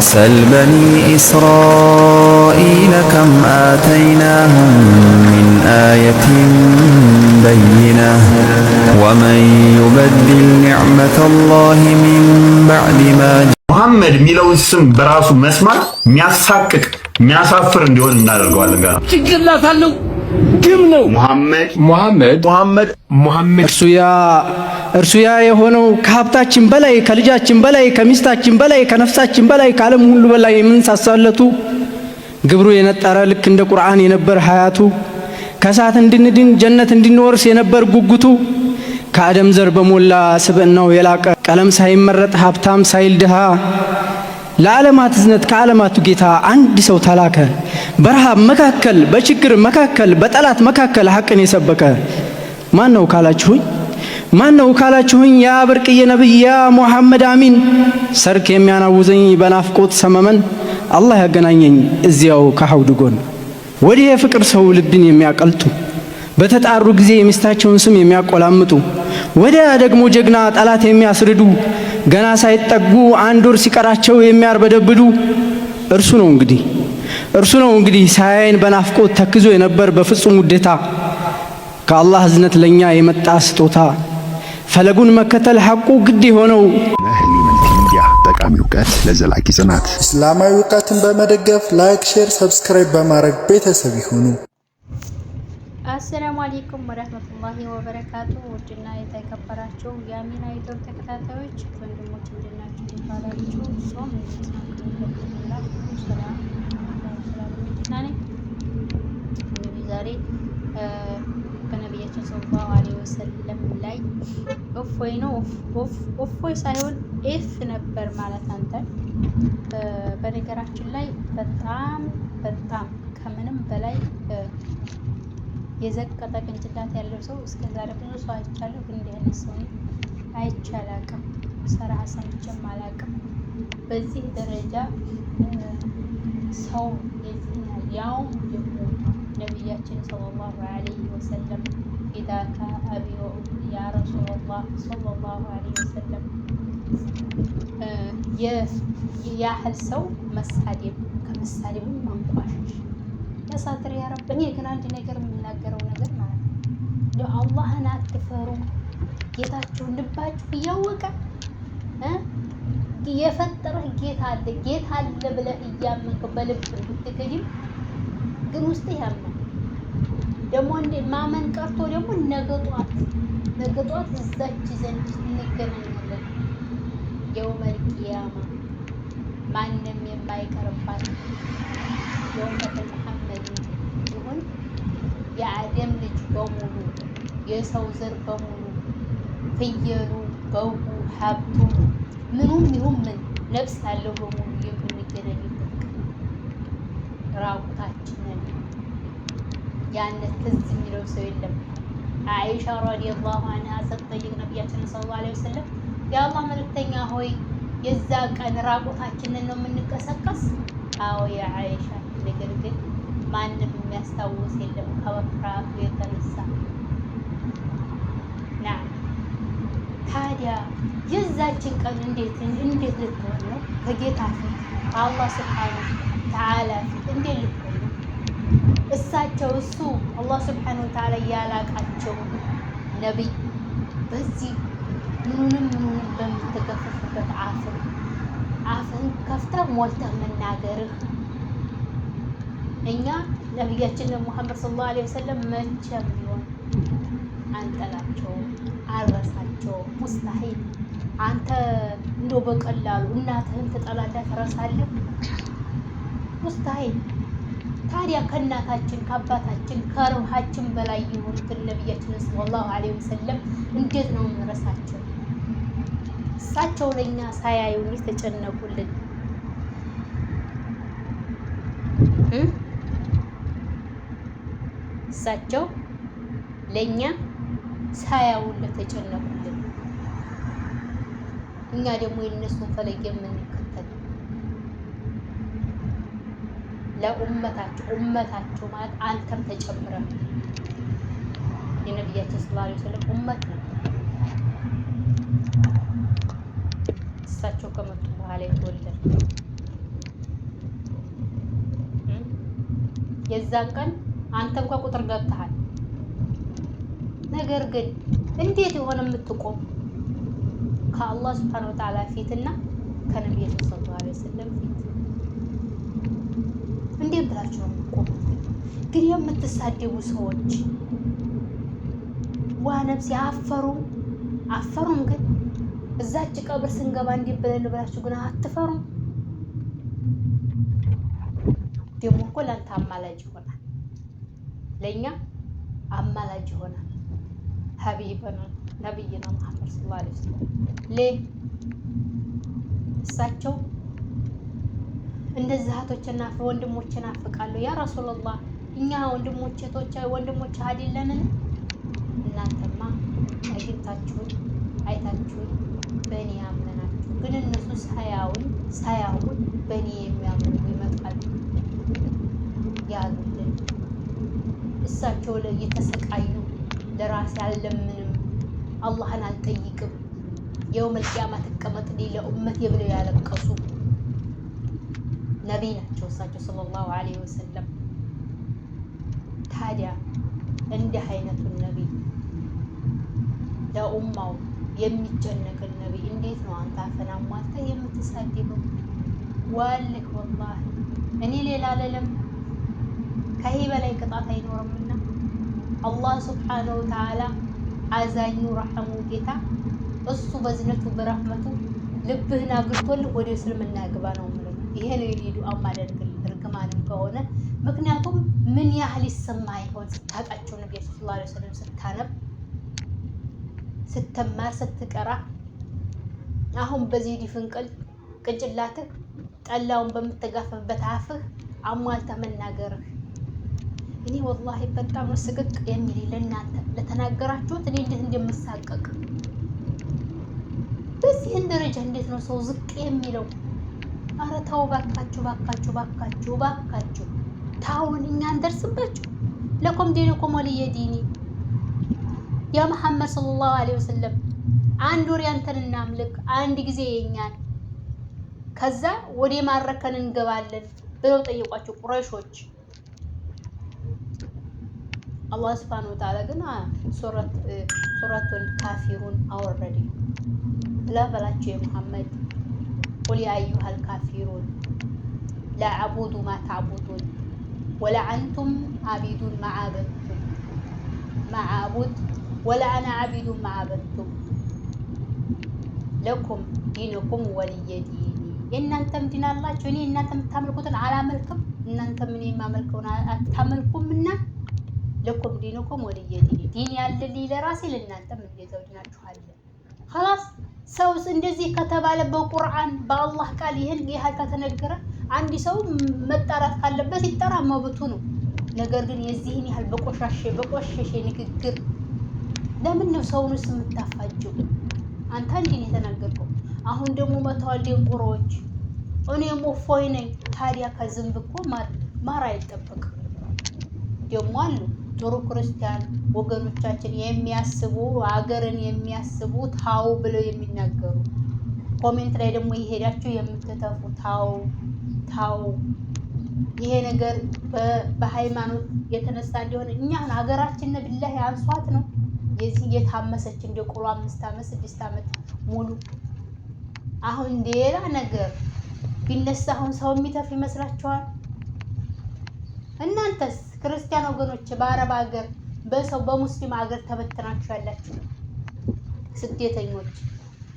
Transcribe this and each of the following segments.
سل بني إسرائيل كم آتيناهم من آية بينة ومن يبدل نعمة الله من بعد ما ሙሐመድ የሚለውን السم በራሱ መስማት የሚያሳቅቅ የሚያሳፍር እንዲሆን እናደርገዋለን። ጋር ችግር ላታለው ግም ነው ሙሐመድ ሙሐመድ ሙሐመድ ሙሐመድ እርሱ ያ እርሱ ያ የሆነው ከሀብታችን በላይ ከልጃችን በላይ ከሚስታችን በላይ ከነፍሳችን በላይ ከዓለም ሁሉ በላይ የምንሳሳለቱ ግብሩ የነጠረ ልክ እንደ ቁርአን የነበር ሀያቱ ከእሳት እንድንድን ጀነት እንድንወርስ የነበር ጉጉቱ ከአደም ዘር በሞላ ስብዕናው የላቀ ቀለም ሳይመረጥ ሀብታም ሳይል ድሃ ለዓለማት እዝነት ከዓለማቱ ጌታ አንድ ሰው ተላከ። በረሃብ መካከል፣ በችግር መካከል፣ በጠላት መካከል ሐቅን የሰበከ ማን ነው ካላችሁኝ ማን ነው ካላችሁኝ ያ ብርቅዬ ነቢይ ያ ሙሐመድ አሚን ሰርክ የሚያናውዘኝ በናፍቆት ሰመመን አላህ ያገናኘኝ እዚያው ከሐውድ ጎን ወዲህ የፍቅር ሰው ልብን የሚያቀልጡ በተጣሩ ጊዜ የሚስታቸውን ስም የሚያቆላምጡ ወዲያ ደግሞ ጀግና ጠላት የሚያስርዱ ገና ሳይጠጉ አንድ ወር ሲቀራቸው የሚያርበደብዱ እርሱ ነው እንግዲህ እርሱ ነው እንግዲህ ሳያይን በናፍቆት ተክዞ የነበር በፍጹም ውዴታ ከአላህ እዝነት ለእኛ የመጣ ስጦታ ፈለጉን መከተል ሐቁ ግድ የሆነው ጠቃሚ እውቀት ለዘላቂ ጽናት እስላማዊ እውቀትን በመደገፍ ላይክ፣ ሼር፣ ሰብስክራይብ በማድረግ ቤተሰብ ይሁኑ። አሰላሙ አሌይኩም ወረህመቱላሂ ወበረካቱ። ውድና የተከበራችሁ የአሚና ዩቱብ ተከታታዮች ወንድሞች እንድናችሁ ይባላችሁ ሶም ሰላም ይችላሉ። መኪና እንግዲህ ዛሬ በነቢያችን ሰለላሁ አለይሂ ወሰለም ላይ እፎይ ነው እፎይ ሳይሆን ኤፍ ነበር ማለት አንተ። በነገራችን ላይ በጣም በጣም ከምንም በላይ የዘቀጠ ቅንጭላት ያለው ሰው እስከ ዛሬ ብዙ ሰው አይቻለሁ፣ ግን እንዲህ አይነት ሰው አይቼ አላውቅም፣ ሰራ ሰምቼም አላውቅም። በዚህ ደረጃ ሰው ያውም ደግሞ ነቢያችን ሰለላሁ ዐለይሂ ወሰለም ኢዳካ አቢዮ ያ ረሱሉላህ ሰለላሁ ዐለይሂ ወሰለም ያህል ሰው መሳደብ ከመሳደብም ማንቋሸሽ ለሳትር ያረብ። እኔ ግን አንድ ነገር የምናገረው ነገር ማለት ነው እንደው አላህን አትፈሩ። ጌታችሁን ልባችሁ እያወቀ የፈጠረህ ጌታ አለ ጌታ አለ ብለህ እያመንክ በልብ እንድትገኝም ግን ውስጥ ያማል። ደግሞ እንደ ማመን ቀርቶ ደግሞ ነገጧት ነገጧት እዛች ዘንድ እንገናኛለን። የውመል ቂያማ ማንም የማይቀርባት የውመት መሐመድ ይሁን የአደም ልጅ በሙሉ የሰው ዘር በሙሉ ፍየሉ፣ በጉ፣ ሀብቱ ምኑም ይሁን ምን ነፍስ ያለው በሙሉ የምንገናኝበት ቀን ራቁታችን ያን ትዝ የሚለው ሰው የለም። አይሻ ረዲየላሁ አንሃ ስትጠይቅ ነቢያችንን ሰለላሁ ዐለይሂ ወሰለም የአላህ መልእክተኛ ሆይ የዛ ቀን ራቁታችንን ነው የምንቀሰቀስ? አዎ የአይሻ ነገር ግን ማንም የሚያስታውስ የለም ከመፍራቱ የተነሳ ና ታዲያ የዛችን ቀን እንዴት እንዴት ልትሆን ነው? ከጌታ ፊት አላህ ስብሓነሁ ተዓላ ፊት እንዴት ልትሆን እሳቸው እሱ አላህ ስብሓነሁ ወተዓላ ያላቃቸው ነቢይ በዚህ ምኑንም ምኑንም በምትገፈፍበት አፍህ አፍህን ከፍተህ ሞልተህ መናገርህ እኛ ነቢያችን ሙሐመድ ሰለላሁ ዐለይሂ ወሰለም መቼም ቢሆን አንጠላቸውም፣ አልረሳቸውም። ሙስታሂል አንተ እንደው በቀላሉ እናትህን ትጠላለህ፣ ትረሳለህ? ሙስታሂል ታዲያ ከእናታችን ከአባታችን ከሩሃችን በላይ የሆኑትን ነቢያችንን ሰለላሁ ዐለይሂ ወሰለም እንዴት ነው መረሳቸው? እሳቸው ለእኛ ሳያዩን የተጨነቁልን እሳቸው ለእኛ ሳያዩን ለተጨነቁልን እኛ ደግሞ የእነሱን ፈለግ የምንከተል ለኡመታችሁ ኡመታችሁ ማለት አንተም ተጨምረ የነቢያችን ስለ ስለም ኡመት ነው። እሳቸው ከመጡ በኋላ የተወለደ የዛን ቀን አንተ እንኳ ቁጥር ገብተሃል። ነገር ግን እንዴት የሆነ የምትቆም ከአላህ ስብሓን ወተዓላ ፊትና ከነቢያችን ስለ ላ ስለም ፊት እንዴ ብላችሁ ነው የምትቆሙት? ግን የምትሳደቡ ሰዎች ዋ ነፍስ አፈሩም አፈሩም። ግን እዛች ቀብር ስንገባ እንዴ ብለን ብላችሁ ግን አትፈሩም። ደግሞ እኮ ለአንተ አማላጅ ይሆናል፣ ለእኛ አማላጅ ይሆናል። ነው ይሆናል ነው መሐመድ ስላ ለ ስለም እሳቸው እንደዚህ እህቶችና ወንድሞች ናፍቃለሁ። ያ ረሱላህ እኛ ወንድሞች እህቶች ወንድሞች አይደለንን? እናንተማ አግኝታችሁኝ አይታችሁን በእኔ ያመናችሁ፣ ግን እነሱ ሳያውን ሳያውን በእኔ የሚያምኑ ይመጣሉ ያሉልን እሳቸው እየተሰቃዩ ለራሴ አልለምንም አላህን አልጠይቅም የውመልቅያማ ትቀመጥ ሌላ እመት የብለው ያለቀሱ ነቢይ ናቸው እሳቸው ሰለላሁ አለይሂ ወሰለም። ታዲያ እንዲህ አይነቱን ነቢይ ለኡማው የሚጨነቅን ነቢይ እንዴት ነው አንተ አፈን አሟልተህ የምትሳደበው? ዋልህ ወላሂ እኔ ሌላ አልልም። ከይህ በላይ ቅጣት አይኖርምና አላህ ስብሓነሁ ወተዓላ አዛኙ ረሐሙ ጌታ እሱ በዝነቱ በረህመቱ ልብህን አግልቶልህ ወደ እስልምና ግባ ነው። ይሄ ነው የኔ ዱዓ ማደርግል እርግማንም ከሆነ ምክንያቱም ምን ያህል ይሰማ ይሆን ስታውቃቸው ነቢ ስላ ስለም ስታነብ ስትማር ስትቀራ አሁን በዚህ ዲፍንቅል ቅንጭላትህ ጠላውን በምትጋፈበት አፍህ አሟልተህ መናገርህ እኔ ወላሂ በጣም ነው ስቅቅ የሚል ለእናንተ ለተናገራችሁት እኔ እንዴት እንደምሳቀቅ በዚህን ደረጃ እንዴት ነው ሰው ዝቅ የሚለው? አረ ተው ባካችሁ፣ ባካችሁ፣ ባካችሁ፣ ባካችሁ ታውን እኛ እንደርስባችሁ። ለኩም ዲኑኩም ወሊየ ዲኒ ያ መሐመድ ሰለላሁ ዐለይሂ ወሰለም አንድ ወር ያንተን እናምልክ፣ አንድ ጊዜ የኛን፣ ከዛ ወደ ማረከን እንገባለን ብለው ጠየቋቸው ቁረሾች አላህ ስብሐነሁ ወተዓላ ግን ሱረቱን ካፊሩን አወረደ። ላ በላቸው ቁል ያ አዩሃል ካፊሩን ለአቡዱ ማ ታቡዱን ወላ አንቱም አቢዱን ማዓበድቱም ማዓቡድ ወላ አና አቢዱን ማዓበድቱም ለኩም ዲንኩም ወልየ ዲኒ የእናንተም ዲን አላችሁ፣ እኔ እናንተ የምታመልኩትን አላመልክም፣ እናንተም እኔ የማመልከውን አታመልኩምና ለኩም ዲንኩም ወልየ ዲኒ ዲን ያለልኝ ለራሴ ለእናንተም እንደዚያው ዲናችኋለን ኸላስ ሰው እንደዚህ ከተባለ በቁርአን በአላህ ቃል ይህን ያህል ከተነገረ አንድ ሰው መጣራት ካለበት ይጠራ መብቱ ነው። ነገር ግን የዚህን ያህል በቆሻሸ በቆሸሸ ንግግር ለምን ነው ሰውንስ የምታፋጀው? አንተ እንዲህ ነው የተናገርከው። አሁን ደግሞ መተዋል ደንቆሮዎች። እኔም እፎይ ነኝ። ታዲያ ከዝንብ እኮ ማር ማር አይጠበቅም ደግሞ አሉ ጥሩ ክርስቲያን ወገኖቻችን የሚያስቡ አገርን የሚያስቡ ታው ብለው የሚናገሩ ኮሜንት ላይ ደግሞ የሄዳችሁ የምትተፉ ታው ታው ይሄ ነገር በሃይማኖት የተነሳ እንዲሆን እኛን ሀገራችንን ብላህ አንሷት ነው የዚህ የታመሰች እንደ ቁሎ አምስት ዓመት ስድስት ዓመት ሙሉ አሁን ሌላ ነገር ቢነሳ አሁን ሰው የሚተፍ ይመስላችኋል? እናንተስ ክርስቲያን ወገኖች በአረብ ሀገር በሰው በሙስሊም ሀገር ተበትናችሁ ያላችሁ ስደተኞች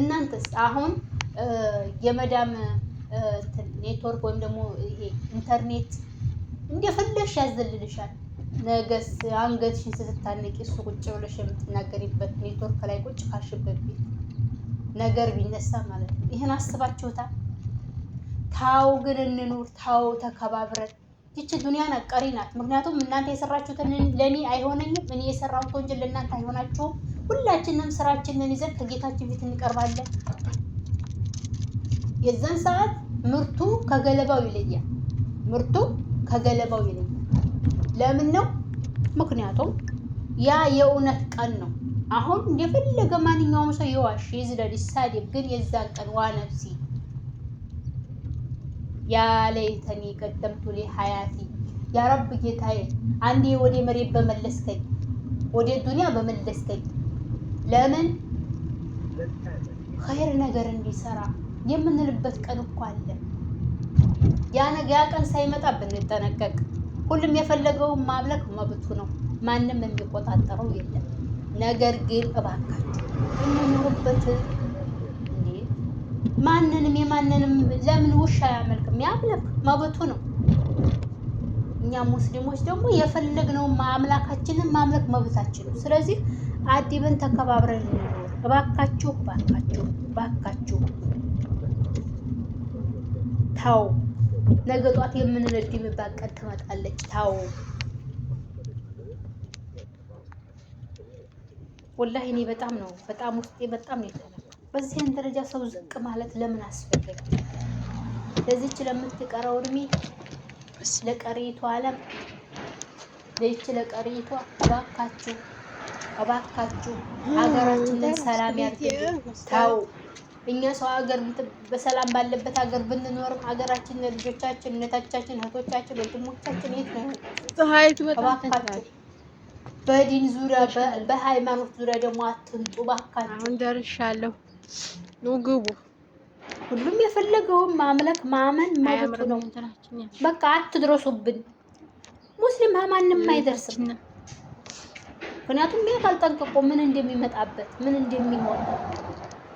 እናንተስ አሁን የመዳም ኔትወርክ ወይም ደግሞ ይሄ ኢንተርኔት እንደፈለሽ ያዘልልሻል። ነገስ አንገትሽን ስትታነቂ እሱ ቁጭ ብለሽ የምትናገሪበት ኔትወርክ ላይ ቁጭ ካልሽበት ቤት ነገር ቢነሳ ማለት ነው። ይህን አስባችሁታል? ታው ግን እንኑር፣ ታው ተከባብረን ይች ዱንያ ነቀሪ ናት። ምክንያቱም እናንተ የሰራችሁትን ለእኔ አይሆነኝም፣ እኔ የሰራሁት ወንጀል ለእናንተ አይሆናችሁም። ሁላችንም ስራችንን ይዘን ከጌታችን ፊት እንቀርባለን። የዛን ሰዓት ምርቱ ከገለባው ይለያል። ምርቱ ከገለባው ይለያል። ለምን ነው? ምክንያቱም ያ የእውነት ቀን ነው። አሁን የፈለገ ማንኛውም ሰው ይዋሽ፣ ይዝለል፣ ይሳደብ፣ ግን የዛን ቀን ዋነብሲ ያለይተኒ ቀደምቱ ሊ ሀያቲ ያረብ ጌታዬ፣ አንዴ ወደ መሬት በመለስከኝ፣ ወደ ዱንያ በመለስከኝ። ለምን ኸይር ነገር እንዲሰራ የምንልበት ቀን እኮ አለ። ያ ቀን ሳይመጣ ብንጠነቀቅ። ሁሉም የፈለገውን ማምለክ መብቱ ነው፣ ማንም የሚቆጣጠረው የለም። ነገር ግን እባካችሁ የምንኖርበት ማንንም የማንንም ለምን ውሻ አያመልክም? ያምልክ መብቱ ነው። እኛ ሙስሊሞች ደግሞ የፈለግነውን አምላካችንን ማምለክ መብታችን ነው። ስለዚህ አዲብን ተከባብረን እባካችሁ እባካችሁ እባካችሁ ታው ነገ ጧት የምንነድምባት ቀን ትመጣለች። ታው ወላሂ እኔ በጣም ነው በጣም ውስጤ በጣም ነው በዚህን ደረጃ ሰው ዝቅ ማለት ለምን አስፈለገ? ለዚች ለምትቀረው እድሜ ለቀሪቱ ዓለም ለዚች ለቀሪቷ እባካችሁ እባካችሁ ሀገራችንን ሰላም ያድርግልን። ተው እኛ ሰው ሀገር በሰላም ባለበት ሀገር ብንኖርም ሀገራችን ልጆቻችን፣ እነታቻችን፣ እህቶቻችን፣ ወንድሞቻችን የት ነው? እባካችሁ በዲን ዙሪያ በሃይማኖት ዙሪያ ደግሞ አትንጡ እባካችሁ። አሁን ደርሻለሁ። ነው ግቡ። ሁሉም የፈለገውን ማምለክ ማመን መብቱ ነው። በቃ አትድረሱብን። ሙስሊም ማንም አይደርስም። ምክንያቱም ይህ ካልጠንቅቆ ምን እንደሚመጣበት ምን እንደሚሆን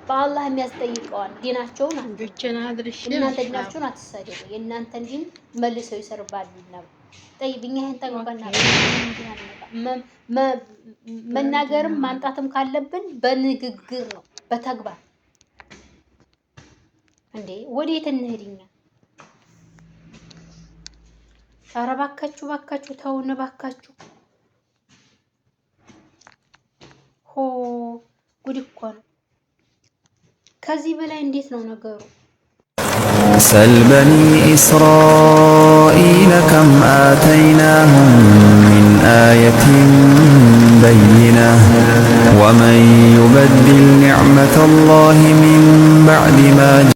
በአላህ የሚያስጠይቀዋል። ዲናቸውን እናንተ ዲናቸውን አትሳደቡ፣ የእናንተን ዲን መልሰው ይሰርባሉ ነው ጠይብኛ ይህን ጠግበና መናገርም ማምጣትም ካለብን በንግግር ነው በተግባር እንዴ ወዴት እንሄድኛ? ኧረ ባካችሁ ባካችሁ ተውን ባካችሁ ሆ ጉድ እኮ ነው። ከዚህ በላይ እንዴት ነው ነገሩ? ሰል በኒ እስራኢል ከም አተይናሁም ሚን አየትን በይና ወመን ዩበድል ኒዕመተ አላህ ሚን ባዕድ ማ